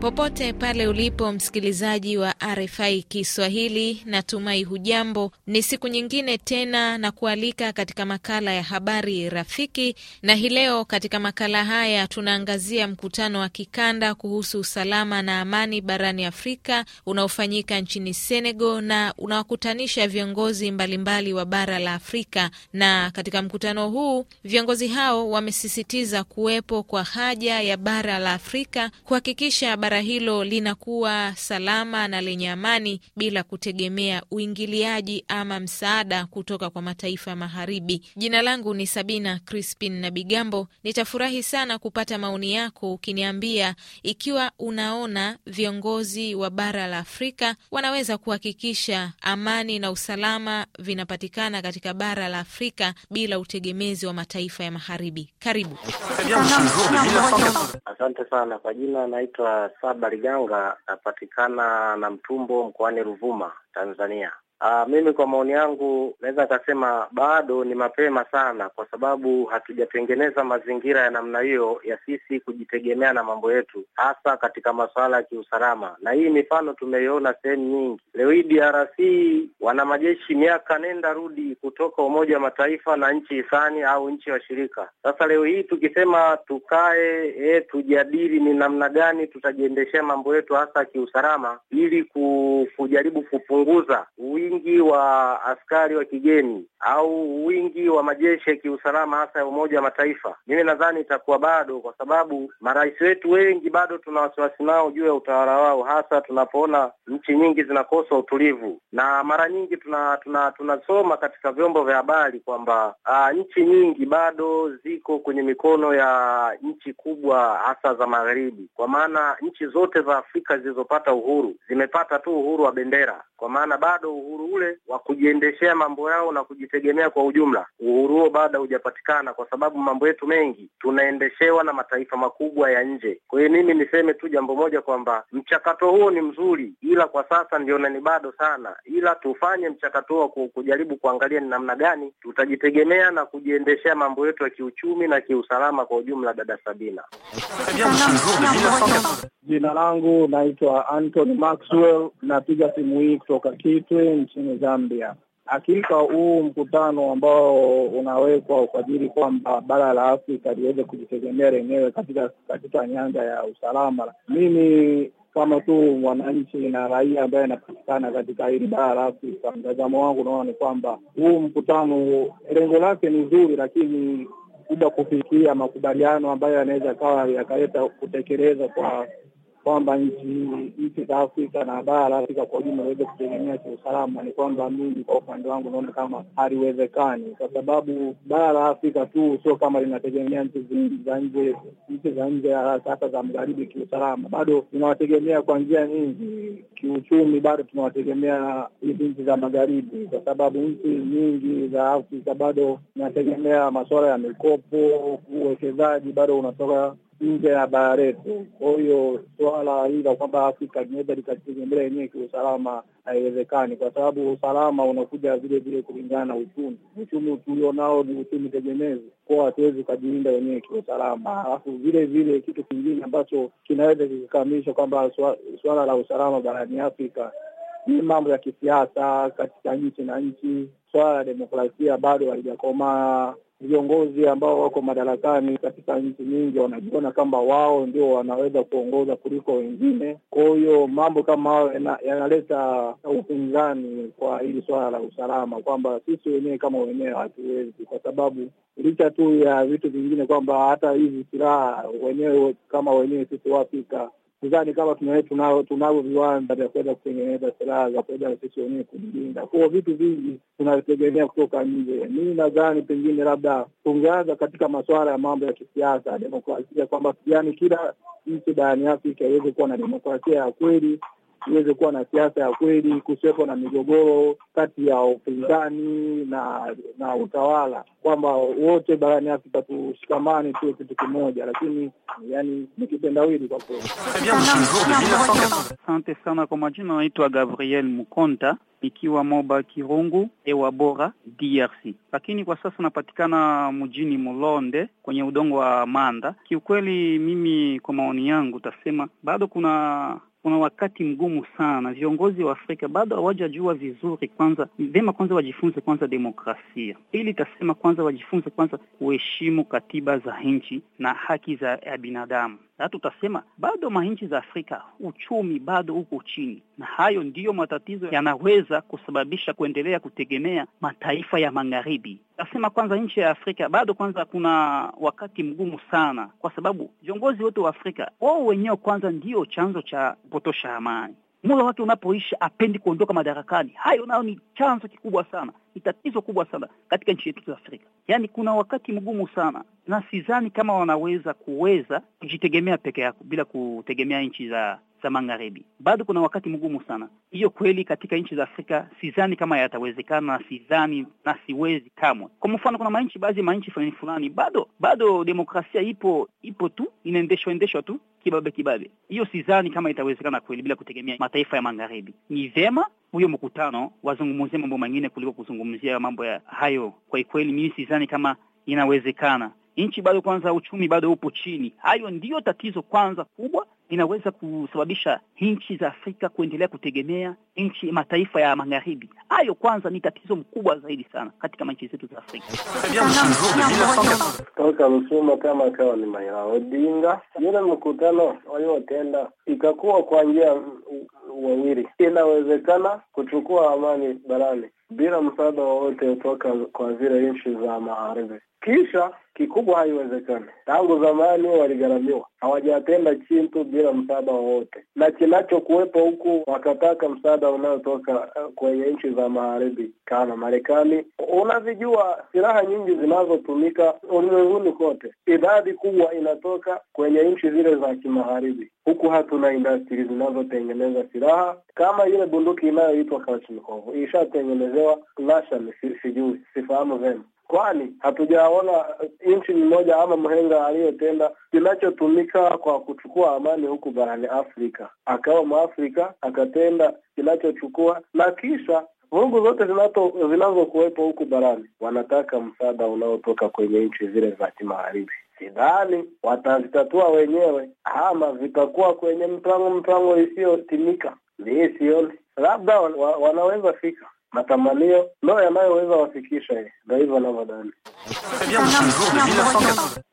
Popote pale ulipo msikilizaji wa RFI Kiswahili, natumai hujambo. Ni siku nyingine tena na kualika katika makala ya habari rafiki, na hii leo katika makala haya tunaangazia mkutano wa kikanda kuhusu usalama na amani barani Afrika unaofanyika nchini Senegal na unawakutanisha viongozi mbalimbali wa bara la Afrika. Na katika mkutano huu viongozi hao wamesisitiza kuwepo kwa haja ya bara la Afrika kuhakikisha bara hilo linakuwa salama na lenye amani bila kutegemea uingiliaji ama msaada kutoka kwa mataifa ya magharibi. Jina langu ni Sabina Crispin na Bigambo. Nitafurahi sana kupata maoni yako ukiniambia ikiwa unaona viongozi wa bara la Afrika wanaweza kuhakikisha amani na usalama vinapatikana katika bara la Afrika bila utegemezi wa mataifa ya magharibi. Karibu. Asante sana. Kwa jina naitwa Saba Liganga napatikana na Mtumbo mkoani Ruvuma, Tanzania. Aa, ah, mimi kwa maoni yangu naweza akasema bado ni mapema sana, kwa sababu hatujatengeneza mazingira ya namna hiyo ya sisi kujitegemea na mambo yetu, hasa katika masuala ya kiusalama, na hii mifano tumeiona sehemu nyingi. Leo hii DRC wana majeshi miaka nenda rudi kutoka Umoja wa Mataifa na nchi hisani au nchi washirika. Sasa leo hii tukisema tukae, e, tujadili ni namna gani tutajiendeshea mambo yetu hasa kiusalama, ili kujaribu kupunguza ui wingi wa askari wa kigeni au wingi wa majeshi ya kiusalama hasa ya Umoja wa Mataifa, mimi nadhani itakuwa bado, kwa sababu marais wetu wengi bado tuna wasiwasi nao juu ya utawala wao, hasa tunapoona nchi nyingi zinakosa utulivu, na mara nyingi tuna tunasoma tuna, tuna katika vyombo vya habari kwamba nchi nyingi bado ziko kwenye mikono ya nchi kubwa hasa za Magharibi, kwa maana nchi zote za Afrika zilizopata uhuru zimepata tu uhuru wa bendera, kwa maana bado uhuru uhuru ule wa kujiendeshea mambo yao na kujitegemea kwa ujumla, uhuru huo bado hujapatikana, kwa sababu mambo yetu mengi tunaendeshewa na mataifa makubwa ya nje. Kwa hiyo mimi niseme tu jambo moja kwamba mchakato huo ni mzuri, ila kwa sasa ndiona ni bado sana, ila tufanye mchakato huo kujaribu kuangalia ni namna gani tutajitegemea na kujiendeshea mambo yetu ya kiuchumi na kiusalama kwa ujumla. Dada Sabina, jina langu naitwa Anthony Maxwell, napiga simu hii kutoka Kitwe nchini Zambia. Hakika huu mkutano ambao unawekwa kwa ajili kwamba bara la Afrika liweze kujitegemea lenyewe katika katika nyanja ya usalama, mimi kama tu mwananchi na raia ambaye anapatikana katika hili bara la Afrika, mtazamo wangu unaona ni kwamba huu mkutano lengo lake ni zuri, lakini kuja kufikia makubaliano ambayo yanaweza kawa yakaleta kutekeleza kwa kwamba nchi za Afrika na bara la Afrika kwa ujumla iweze kutegemea kiusalama, ni kwamba mimi kwa upande wangu naona kama haliwezekani, kwa sababu bara la Afrika tu sio kama linategemea nchi za nje, nchi za nje hasa za magharibi kiusalama, bado tunawategemea kwa njia nyingi. Kiuchumi bado tunawategemea hizi nchi za magharibi, kwa sababu nchi nyingi za Afrika bado zinategemea masuala ya mikopo, uwekezaji bado unatoka nje ya bara letu. Kwa hiyo suala la kwamba Afrika linaweza likategemea yenyewe kiusalama haiwezekani, kwa sababu usalama unakuja vile vile kulingana na uchumi. Uchumi tulionao ni uchumi tegemezi, kwa hatuwezi ukajilinda wenyewe kiusalama. Alafu vile vile kitu kingine ambacho kinaweza kikikamilisha kwamba suala la usalama barani Afrika ni mambo ya kisiasa katika nchi na nchi. Swala la demokrasia bado halijakomaa. Viongozi ambao wako madarakani katika nchi nyingi wanajiona kwamba wao ndio wanaweza kuongoza kuliko wengine. Kwa hiyo mambo kama hayo yanaleta upinzani kwa hili swala la usalama, kwamba sisi wenyewe kama wenyewe hatuwezi, kwa sababu licha tu ya vitu vingine kwamba hata hizi silaha wenyewe kama wenyewe sisi Waafrika sidhani kama tunao tunavyo viwanda vya kuweza kutengeneza silaha za kuweza sisi wenyewe kujilinda. Kwa vitu vingi tunavitegemea kutoka nje. Mimi nadhani pengine labda tungeanza katika masuala ya mambo ya kisiasa, demokrasia, kwamba yani kila nchi barani Afrika iweze kuwa na demokrasia ya kweli iweze kuwa na siasa ya kweli, kusiwepo na migogoro kati ya upinzani na na utawala, kwamba wote barani Afrika tushikamane tuwe kitu kimoja, lakini yani ni kitendawili kwa kweli. Asante sana kwa majina, naitwa Gabriel Mukonta ikiwa Moba Kirungu ewa Bora DRC, lakini kwa sasa napatikana mjini Mulonde kwenye udongo wa Manda. Kiukweli mimi kwa maoni yangu tasema bado kuna kuna wakati mgumu sana. Viongozi wa Afrika bado hawajajua vizuri. Kwanza vema, kwanza wajifunze kwanza demokrasia, ili itasema kwanza wajifunze kwanza kuheshimu katiba za nchi na haki za binadamu na hata utasema bado manchi za Afrika uchumi bado uko chini, na hayo ndiyo matatizo yanaweza kusababisha kuendelea kutegemea mataifa ya magharibi. Nasema kwanza nchi ya Afrika bado kwanza kuna wakati mgumu sana, kwa sababu viongozi wote wa Afrika wao wenyewe kwanza ndiyo chanzo cha kupotosha amani. mula wake unapoisha apendi kuondoka madarakani. Hayo nayo ni chanzo kikubwa sana ni tatizo kubwa sana katika nchi yetu za Afrika. Yaani kuna wakati mgumu sana, na sidhani kama wanaweza kuweza kujitegemea peke yako bila kutegemea nchi za za magharibi. Bado kuna wakati mgumu sana, hiyo kweli. Katika nchi za Afrika sidhani kama yatawezekana, sidhani na siwezi kamwe. Kwa mfano, kuna manchi baadhi ya manchi fulani fulani, bado bado demokrasia ipo ipo tu, inaendeshwa endeshwa tu kibabe kibabe. Hiyo sidhani kama itawezekana kweli bila kutegemea mataifa ya magharibi. Ni vema huyo mkutano wazungumzie mambo mengine kuliko kuzungumza kuzungumzia mambo ya hayo. Kwa kweli mimi sidhani kama inawezekana. Nchi bado kwanza, uchumi bado upo chini. Hayo ndiyo tatizo kwanza kubwa inaweza kusababisha nchi za Afrika kuendelea kutegemea nchi mataifa ya magharibi. Hayo kwanza ni tatizo mkubwa zaidi sana katika nchi zetu za Afrika. Toka Msuma kama kawa ni Maira Odinga, yule mkutano waliotenda ikakuwa kwa njia wawili, inawezekana kuchukua amani barani bila msaada wowote kutoka kwa zile nchi za magharibi. Kisha kikubwa haiwezekani. Tangu zamani waligharamiwa, hawajatenda chintu bila msaada wowote, na kinachokuwepo huku wakataka msaada unaotoka eh, kwenye nchi za magharibi kama Marekani. Unavijua silaha nyingi zinazotumika ulimwenguni kote, idadi kubwa inatoka kwenye nchi zile za kimagharibi. Huku hatuna industri zinazotengeneza silaha kama ile bunduki inayoitwa Kalashnikov, ishatengenezewa Russia, sijui, sifahamu vema kwani hatujaona nchi mmoja ama mhenga aliyetenda kinachotumika kwa kuchukua amani huku barani Afrika, akawa Mwafrika akatenda kinachochukua na kisha vurugu zote zinazokuwepo huku barani wanataka msaada unaotoka kwenye nchi zile za kimagharibi. Sidhani watazitatua wenyewe ama vitakuwa kwenye mpango mpango isiyotimika. ni sioni, labda wanaweza fika matamanio no yanayoweza wafikisha, ndio hivyo anavyodani.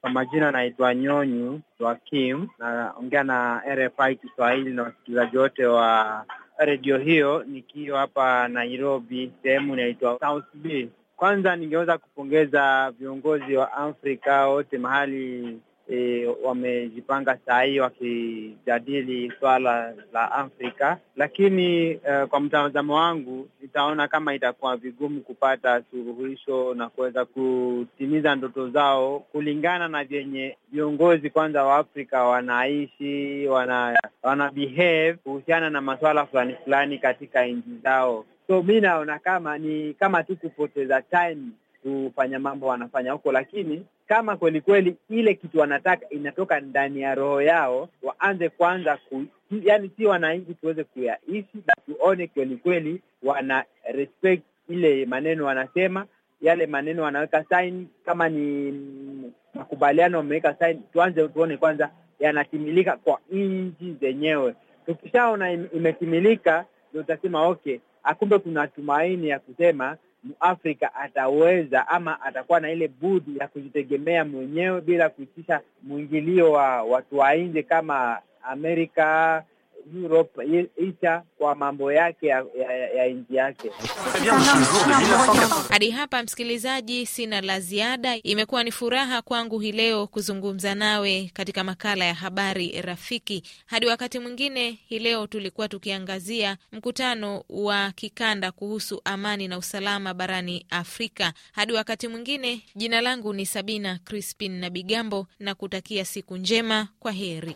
Kwa majina anaitwa Nyonyu Wakim, naongea na RFI Kiswahili na wasikilizaji wote wa redio hiyo, nikiwa hapa Nairobi, sehemu inaitwa South B. Kwanza ningeweza kupongeza viongozi wa Afrika wote mahali E, wamejipanga saa hii wakijadili swala la Afrika, lakini uh, kwa mtazamo wangu nitaona kama itakuwa vigumu kupata suluhisho na kuweza kutimiza ndoto zao kulingana na vyenye viongozi kwanza wa Afrika wanaishi wana, wana behave kuhusiana na masuala fulani fulani katika nchi zao. So mi naona kama ni kama tu kupoteza time kufanya mambo wanafanya huko, lakini kama kweli kweli ile kitu wanataka inatoka ndani ya roho yao, waanze kwanza ku, yani si wananchi tuweze kuyaishi na tuone kweli kweli wana respect ile maneno wanasema, yale maneno wanaweka sign. Kama ni makubaliano wameweka sign, tuanze tuone kwanza yanatimilika kwa nchi zenyewe. Tukishaona imetimilika, ndio tutasema okay, akumbe kuna tumaini ya kusema Mafrika ataweza ama atakuwa na ile budi ya kujitegemea mwenyewe bila kuitisha mwingilio wa watu wa nje kama Amerika Europe, Asia kwa mambo yake ya, ya, ya nchi yake. Hadi hapa msikilizaji, sina la ziada. Imekuwa ni furaha kwangu hii leo kuzungumza nawe katika makala ya habari rafiki. Hadi wakati mwingine, hii leo tulikuwa tukiangazia mkutano wa kikanda kuhusu amani na usalama barani Afrika. Hadi wakati mwingine, jina langu ni Sabina Crispin na Bigambo na kutakia siku njema. Kwa heri.